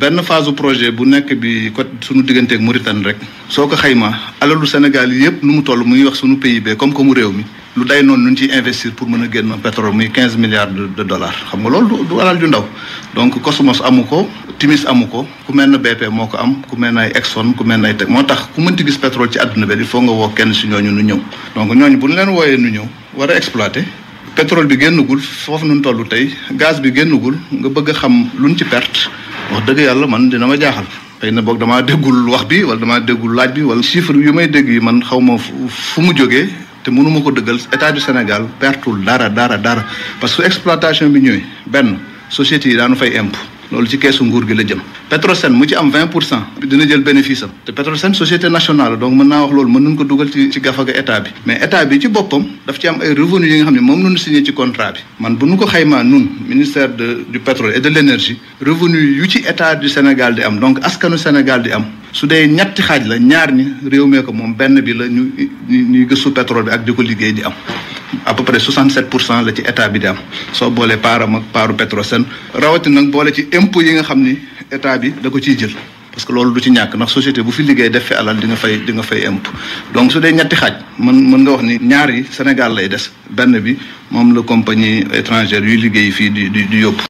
ben phase projet bu nek bi côté suñu digganteeg Mauritanie rek soko ko xayma alalu Sénégal yépp nu mu toll mu ngi wax suñu PIB comme comme réew mi lu day non nu ci investir pour mën a pétrole muy 15 milliards de dollars xam nga loolu du alal ju ndaw donc Cosmos amuko Timis amuko ku mel BP moko am ku mel ay Exxon ku mel ay ku mënti gis pétrole ci aduna bi il faut nga wo kenn si ñooñu nu ñëw donc ñooñu bu ñu leen nu ñëw wara exploiter pétrole bi génnagul fofu nu tollu tay gaz bi génnagul nga bëgg xam luñ ci perte wax dëgg yàlla man dina ma jaaxal xëy na boog damaa déggul wax bi wala damaa déggul laaj bi wala chiffre yu may dégg yi man xaw ma fu mu jógee te mënuma ko dëggal état du Sénégal pertul dara dara dara parce que exploitation bi ñëwee benn sociétés yi daanu fay impôt loolu ci keesu nguur gi la jëm Petrosen mu ci am 20 pour cent dina jël bénéfice am te Petrosen société nationale donc mën naa wax loolu mën nañu ko dugal ci ci gafaga état bi mais état bi ci boppam daf ci am ay revenu yi nga xam ne moom nunu signé ci contrat bi man bu ñu ko xaymaa nun ministère de du pétrole et de l'énergie revenu yu ci état du Sénégal di am donc askanu Sénégal di am su dee ñetti xaaj la ñaar ñi réew mee ko moom benn bi la ñu ñuy gëstu ak di ko liggéey di am à peu près 67 pour cent la ci état bi de am soo boolee paaram ak paaru Petrosen rawatina nag boole ci impôts yi nga xam ni état bi da ko ciy jël. parce que loolu du ci ñàkk ndax société bu fi liggéey def fi alal di nga fay di nga fay imp donc su dee ñetti xaaj mën mën nga wax ni ñaari Sénégal lay des benn bi moom la compagnie étrangère yuy liggéey fii di di di yóbbu.